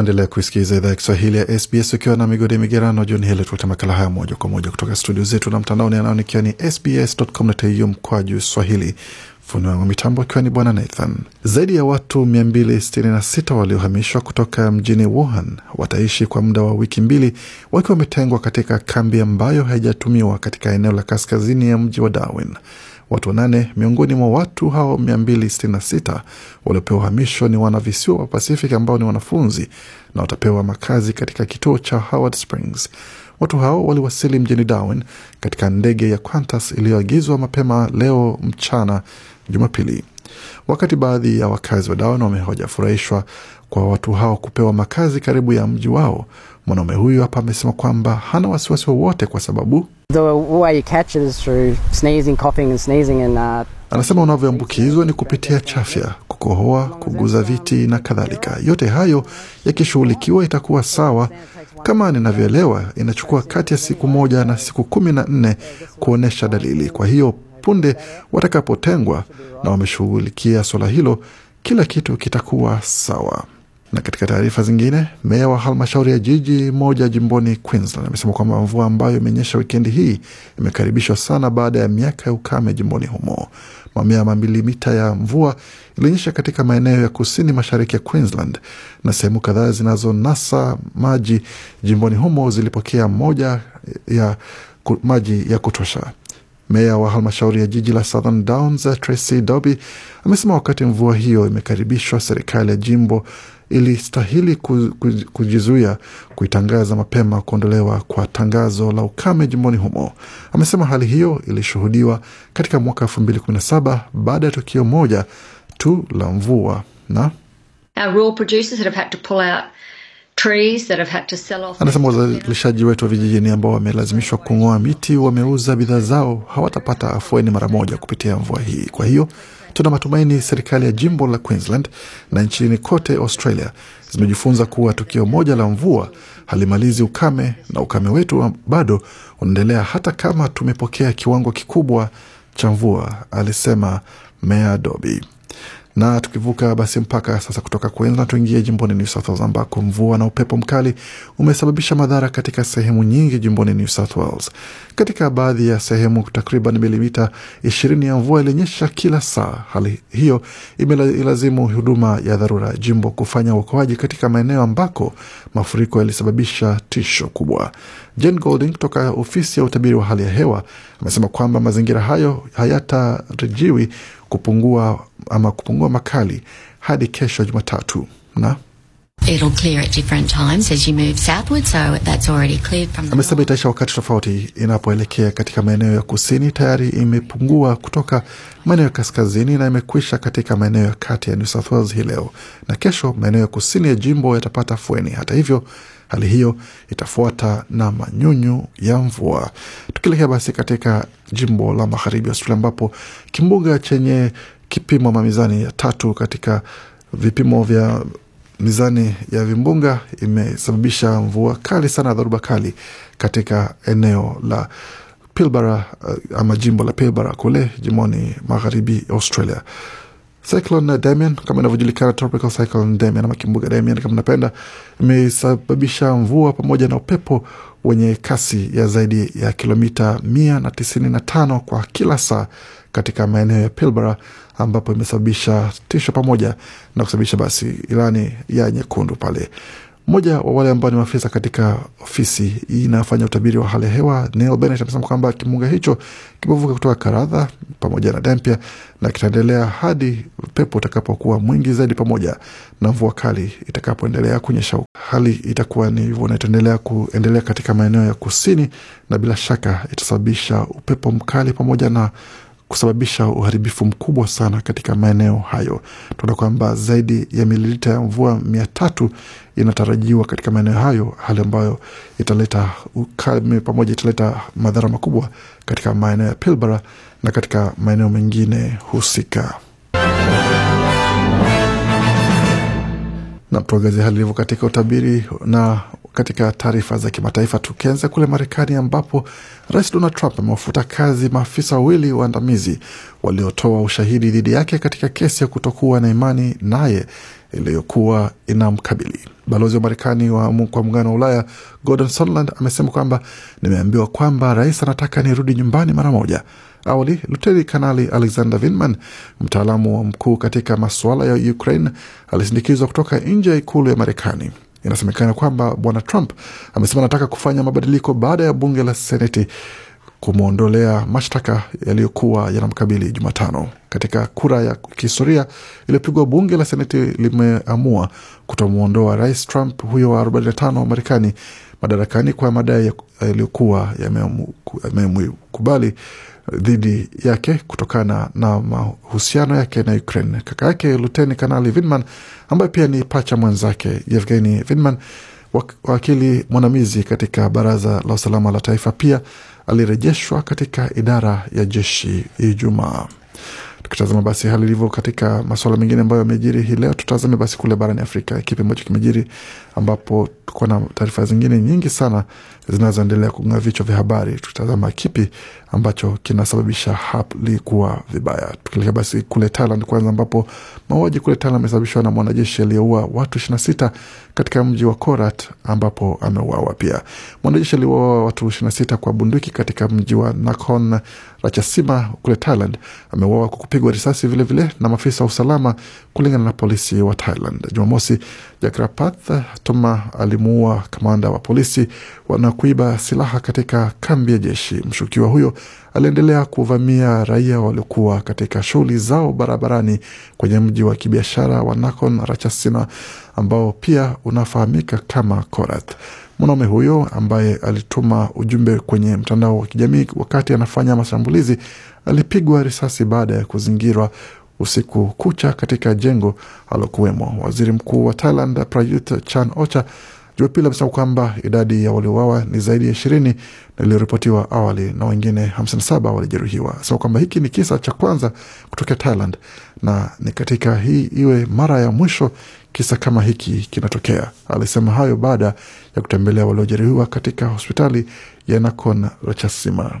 Waendelea kuisikiliza idhaa ya Kiswahili ya SBS ukiwa na migodi migerano jioni hili, tuleta makala haya moja kwa moja kutoka studio zetu na mtandaoni anaonikiwa ni sbs.com.au juu swahili wa mitambo akiwa ni Bwana Nathan. Zaidi ya watu 266 waliohamishwa kutoka mjini Wuhan wataishi kwa muda wa wiki mbili wakiwa wametengwa katika kambi ambayo haijatumiwa katika eneo la kaskazini ya mji wa Darwin. Watu wanane miongoni mwa watu hao 266 waliopewa uhamisho ni wanavisiwa wa Pacific ambao ni wanafunzi na watapewa makazi katika kituo cha Howard Springs. Watu hao waliwasili mjini Darwin katika ndege ya Qantas iliyoagizwa mapema leo mchana Jumapili. Wakati baadhi ya wakazi wa Darwin wamehojafurahishwa kwa watu hao kupewa makazi karibu ya mji wao, mwanaume huyu hapa amesema kwamba hana wasiwasi wowote kwa sababu Anasema unavyoambukizwa ni kupitia chafya, kukohoa, kuguza viti na kadhalika. Yote hayo yakishughulikiwa itakuwa sawa. Kama ninavyoelewa, inachukua kati ya siku moja na siku kumi na nne kuonyesha dalili. Kwa hiyo punde watakapotengwa na wameshughulikia suala hilo, kila kitu kitakuwa sawa. Na katika taarifa zingine, meya wa halmashauri ya jiji moja jimboni Queensland amesema kwamba mvua ambayo imenyesha wikendi hii imekaribishwa sana baada ya miaka ya ukame jimboni humo. Mamia ya milimita ya mvua ilionyesha katika maeneo ya kusini mashariki ya Queensland na sehemu kadhaa zinazonasa maji jimboni humo zilipokea moja ya maji ya kutosha. Meya wa halmashauri ya jiji la Southern Downs Tracy Doby amesema wakati mvua hiyo imekaribishwa, serikali ya jimbo ilistahili kujizuia kuitangaza mapema kuondolewa kwa tangazo la ukame jimboni humo. Amesema hali hiyo ilishuhudiwa katika mwaka elfu mbili kumi na saba baada ya tukio moja tu la mvua na Anasema wazalishaji wetu wa vijijini ambao wamelazimishwa kung'oa miti wameuza bidhaa zao, hawatapata afueni mara moja kupitia mvua hii. Kwa hiyo tuna matumaini serikali ya jimbo la Queensland na nchini kote Australia zimejifunza kuwa tukio moja la mvua halimalizi ukame, na ukame wetu bado unaendelea hata kama tumepokea kiwango kikubwa cha mvua, alisema Meya Dobi. Na tukivuka basi mpaka sasa kutoka Queensland tuingie jimboni New South Wales ambako mvua na upepo mkali umesababisha madhara katika sehemu nyingi jimboni New South Wales. Katika baadhi ya sehemu takriban milimita ishirini ya mvua ilionyesha kila saa. Hali hiyo imelazimu huduma ya dharura jimbo kufanya uokoaji katika maeneo ambako mafuriko yalisababisha tisho kubwa. Jane Golding kutoka ofisi ya utabiri wa hali ya hewa amesema kwamba mazingira hayo hayatarejiwi kupungua ama kupungua makali hadi kesho Jumatatu na amesema itaisha wakati tofauti inapoelekea katika maeneo ya kusini. Tayari imepungua kutoka maeneo ya kaskazini na imekwisha katika maeneo ya kati ya New South Wales hii leo, na kesho maeneo ya kusini ya jimbo yatapata fueni. Hata hivyo Hali hiyo itafuata na manyunyu ya mvua. Tukielekea basi katika jimbo la magharibi ya Australia ambapo kimbunga chenye kipimo mamizani ya tatu katika vipimo vya mizani ya vimbunga imesababisha mvua kali sana, dharuba kali katika eneo la Pilbara eh, ama jimbo la Pilbara kule jimboni magharibi Australia. Cyclone Damian kama inavyojulikana, tropical cyclone Damian ama kimbunga Damian kama napenda, imesababisha mvua pamoja na upepo wenye kasi ya zaidi ya kilomita mia na tisini na tano kwa kila saa katika maeneo ya Pilbara, ambapo imesababisha tisho pamoja na kusababisha basi ilani ya nyekundu pale mmoja wa wale ambao ni maafisa katika ofisi inafanya utabiri wa hali ya hewa Neil Bennett amesema kwamba kimbunga hicho kimevuka kutoka Karatha pamoja na Dampier na kitaendelea hadi pepo utakapokuwa mwingi zaidi pamoja na mvua kali itakapoendelea kunyesha. Hali itakuwa ni hivyo na itaendelea kuendelea katika maeneo ya kusini, na bila shaka itasababisha upepo mkali pamoja na kusababisha uharibifu mkubwa sana katika maeneo hayo. tuna kwamba zaidi ya mililita ya mvua mia tatu inatarajiwa katika maeneo hayo, hali ambayo italeta ukame pamoja, italeta madhara makubwa katika maeneo ya Pilbara na katika maeneo mengine husika. na tuangazie hali ilivyo katika utabiri na katika taarifa za kimataifa, tukianza kule Marekani ambapo Rais Donald Trump amewafuta kazi maafisa wawili waandamizi waliotoa ushahidi dhidi yake katika kesi ya kutokuwa na imani naye iliyokuwa inamkabili. Balozi wa Marekani kwa muungano wa Ulaya Gordon Sondland amesema kwamba nimeambiwa kwamba rais anataka nirudi nyumbani mara moja Awali, Luteni Kanali Alexander Vinman, mtaalamu mkuu katika masuala ya Ukraine, alisindikizwa kutoka nje ya ikulu ya Marekani. Inasemekana kwamba bwana Trump amesema anataka kufanya mabadiliko baada ya bunge la Seneti kumwondolea mashtaka yaliyokuwa yanamkabili Jumatano. Katika kura ya kihistoria iliyopigwa, bunge la Seneti limeamua kutomwondoa rais Trump huyo wa 45 wa Marekani madarakani kwa madai yaliyokuwa yamemkubali uh, dhidi yake kutokana na mahusiano yake na Ukraine. Kaka yake Luteni Kanali Vinman ambaye pia ni pacha mwenzake Yevgeni Vinman, wakili mwandamizi katika Baraza la Usalama la Taifa, pia alirejeshwa katika idara ya jeshi Ijumaa. Tukitazama basi hali ilivyo katika masuala mengine ambayo yamejiri hii leo, tutazame basi kule barani Afrika, kipi ambacho kimejiri ambapo tuko na taarifa zingine nyingi sana zinazoendelea kuunga vichwa vya habari. Tutazama kipi ambacho kinasababisha hali kuwa vibaya. Tukilekea basi kule Thailand kwanza, ambapo mauaji kule Thailand amesababishwa na mwanajeshi aliyeua watu 26 katika mji wa Korat, ambapo ameuawa pia. Mwanajeshi aliuawa watu 26 kwa bunduki katika mji wa Nakhon Ratchasima kule Thailand. Ameuawa kwa kupigwa risasi vilevile vile na maafisa wa usalama, kulingana na polisi wa Thailand Jumamosi. Jakrapath Tuma alimuua kamanda wa polisi na kuiba silaha katika kambi ya jeshi. Mshukiwa huyo aliendelea kuvamia raia waliokuwa katika shughuli zao barabarani kwenye mji wa kibiashara wa Nakhon Ratchasima ambao pia unafahamika kama Korat. Mwanaume huyo ambaye alituma ujumbe kwenye mtandao wa kijamii wakati anafanya mashambulizi alipigwa risasi baada ya kuzingirwa usiku kucha katika jengo alokuwemo. Waziri mkuu wa Thailand Prayut Chan Ocha Jumapili amesema kwamba idadi ya waliouawa ni zaidi ya ishirini na iliyoripotiwa awali na wengine 57 walijeruhiwa. Sema kwamba hiki ni kisa cha kwanza kutokea Thailand na ni katika hii iwe mara ya mwisho kisa kama hiki kinatokea. Alisema hayo baada ya kutembelea waliojeruhiwa katika hospitali ya Nakhon Ratchasima.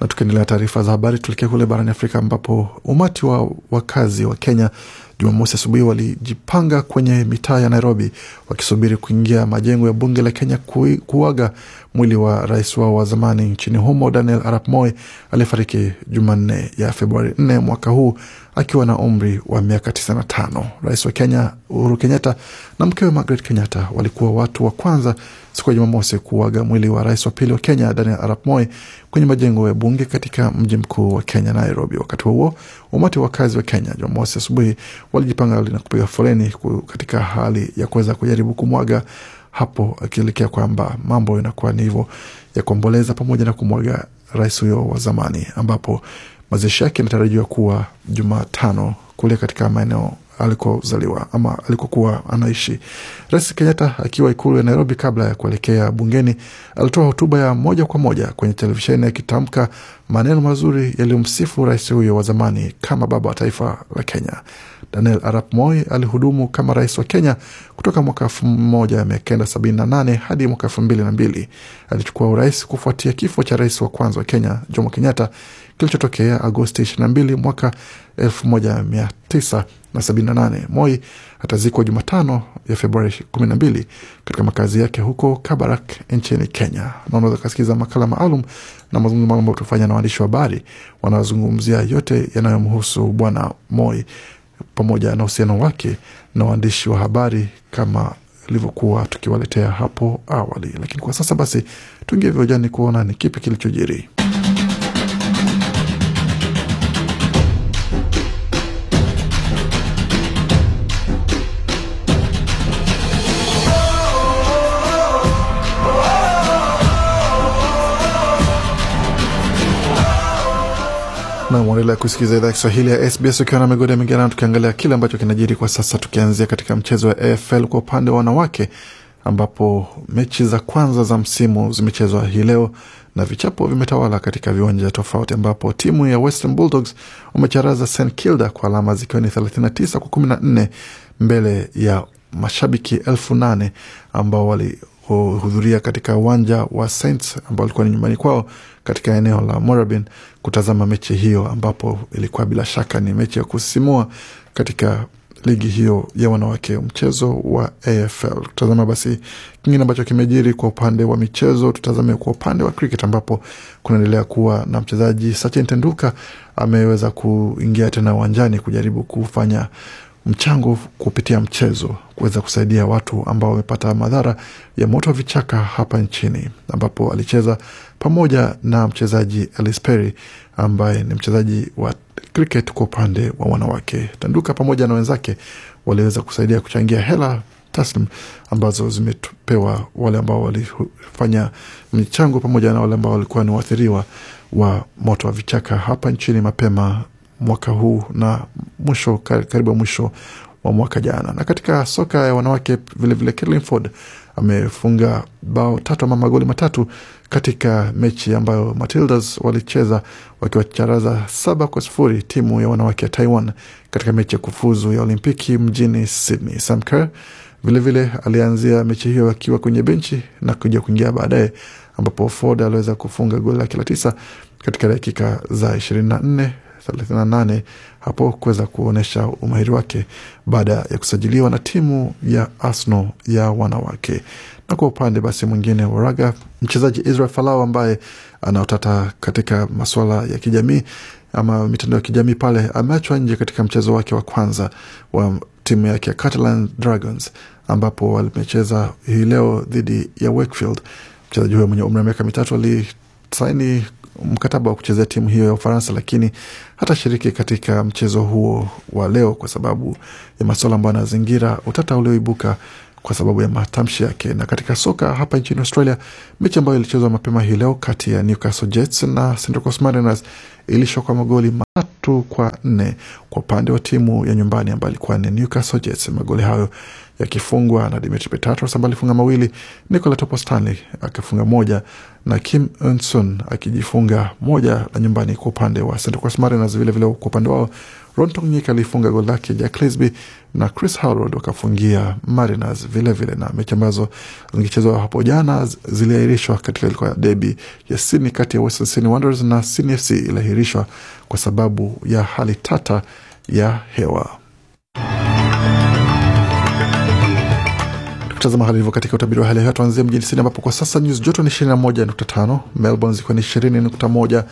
Na tukiendelea taarifa za habari, tuelekea kule barani Afrika ambapo umati wa wakazi wa Kenya Jumamosi asubuhi walijipanga kwenye mitaa ya Nairobi wakisubiri kuingia majengo ya bunge la Kenya kuaga mwili wa rais wao wa zamani nchini humo Daniel Arap Moi aliyefariki Jumanne ya Februari 4 mwaka huu akiwa na umri wa miaka 95. Rais wa Kenya Uhuru Kenyatta na mkewe Margaret Kenyatta walikuwa watu wa kwanza siku ya Jumamosi kuaga mwili wa rais wa pili wa Kenya Daniel Arap Moi kwenye majengo ya bunge katika mji mkuu wa Kenya, Nairobi. Wakati huo umati wa wakazi wa Kenya Jumamosi asubuhi walijipanga na kupiga foleni katika hali ya kuweza kujaribu kumwaga hapo, akielekea kwamba mambo inakuwa ni hivyo ya kuomboleza pamoja na kumwaga rais huyo wa zamani ambapo Mazishi yake yanatarajiwa kuwa Jumatano kule katika maeneo alikozaliwa ama alikokuwa anaishi. Rais Kenyatta akiwa ikulu ya Nairobi kabla ya kuelekea bungeni, alitoa hotuba ya moja kwa moja kwenye televisheni akitamka maneno mazuri yaliyomsifu rais huyo wa zamani kama baba wa taifa la Kenya. Daniel Arap Moi alihudumu kama rais wa Kenya kutoka mwaka 1978 hadi mwaka 2002. Alichukua urais kufuatia kifo cha rais wa kwanza wa Kenya Jomo Kenyatta kilichotokea Agosti 22 mwaka 1978. Moi atazikwa Jumatano ya Februari 12 katika makazi yake huko Kabarak nchini Kenya. Na unaweza kasikiza makala maalum na mazungumzo ambayo tufanya na waandishi wa habari wanaozungumzia yote yanayomhusu Bwana Moi pamoja na uhusiano wake na waandishi wa habari kama ilivyokuwa tukiwaletea hapo awali. Lakini kwa sasa basi, tuingie viojani kuona ni kipi kilichojiri. namwendelea kusikiliza idhaa ya Kiswahili ya SBS ukiwa na migodi ya migerano, tukiangalia kile ambacho kinajiri kwa sasa, tukianzia katika mchezo wa AFL kwa upande wa wanawake, ambapo mechi za kwanza za msimu zimechezwa hii leo na vichapo vimetawala katika viwanja tofauti, ambapo timu ya Western Bulldogs wamecharaza St Kilda kwa alama zikiwa ni 39 kwa 14 mbele ya mashabiki 8 ambao wali kuhudhuria katika uwanja wa Saints ambao alikuwa ni nyumbani kwao katika eneo la Morabin kutazama mechi hiyo, ambapo ilikuwa bila shaka ni mechi ya kusisimua katika ligi hiyo ya wanawake, mchezo wa AFL. Tutazama basi kingine ambacho kimejiri kwa upande wa michezo. Tutazame kwa upande wa cricket, ambapo kunaendelea kuwa na mchezaji Sachin Tenduka ameweza kuingia tena uwanjani kujaribu kufanya mchango kupitia mchezo kuweza kusaidia watu ambao wamepata madhara ya moto wa vichaka hapa nchini, ambapo alicheza pamoja na mchezaji Alice Perry ambaye ni mchezaji wa cricket kwa upande wa wanawake. Tanduka pamoja na wenzake waliweza kusaidia kuchangia hela taslim ambazo zimepewa wale ambao walifanya michango pamoja na wale ambao walikuwa ni waathiriwa wa moto wa vichaka hapa nchini mapema mwaka huu na mwisho karibu mwisho wa mwaka jana. Na katika soka ya wanawake vilevile, Caitlin Ford amefunga bao tatu ama magoli matatu katika mechi ambayo Matildas walicheza wakiwacharaza saba kwa sifuri timu ya wanawake ya Taiwan katika mechi ya kufuzu ya Olimpiki mjini Sydney. Sam Kerr vilevile alianzia mechi hiyo akiwa kwenye benchi na kuja kuingia baadaye, ambapo Ford aliweza kufunga goli lake la tisa katika dakika za ishirini na nne 38 hapo kuweza kuonyesha umahiri wake baada ya kusajiliwa na timu ya Arsenal ya wanawake. Na kwa upande basi mwingine wa raga, mchezaji Israel Falau ambaye anaotata katika masuala ya kijamii ama mitandao ya kijamii pale, ameachwa nje katika mchezo wake wa kwanza wa timu yake ya Catalan Dragons ambapo alimecheza hii leo dhidi ya Wakefield. Mchezaji huyo mwenye umri wa miaka mitatu ali saini mkataba wa kuchezea timu hiyo ya Ufaransa, lakini hatashiriki katika mchezo huo wa leo kwa sababu ya masuala ambayo anazingira utata ulioibuka kwa sababu ya matamshi yake. Na katika soka hapa nchini Australia, mechi ambayo ilichezwa mapema hii leo kati ya Newcastle Jets na Central Coast Mariners ilishwa kwa magoli matatu kwa nne kwa upande wa timu ya nyumbani ambayo ilikuwa ni Newcastle Jets. Magoli hayo yakifungwa na Dimitri Petatros ambaye alifunga mawili, Nicola Topostani akifunga moja na Kim Unson akijifunga moja na nyumbani kwa upande wa Central Coast Mariners. Vilevile kwa upande wao Ron Tongnyika alifunga goli lake, Jack Lisby na Chris Harold wakafungia Mariners vilevile vile, na mechi ambazo zingechezwa hapo jana ziliahirishwa katika ilikuwa debi ya Sydney kati ya Western Sydney Wanderers na Sydney FC iliahirishwa kwa sababu ya hali tata ya hewa. Tukitazama hali hivyo katika utabiri wa hali ya hewa, tuanzie mjini Sydney ambapo kwa sasa nyuzi joto ni 21.5, Melbourne zikiwa ni 20.1,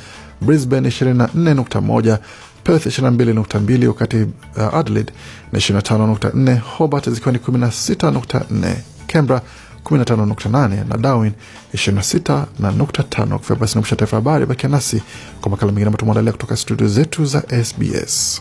Brisbane 24.1, Perth 22.2, wakati uh, Adelaide na 25.4, Hobart zikiwa ni 16.4, Canberra 15.8 na Darwin 26.5. Kufia basi na mwisho taifa habari, bakia nasi kwa makala mengine ambayo tumeandalia kutoka studio zetu za SBS.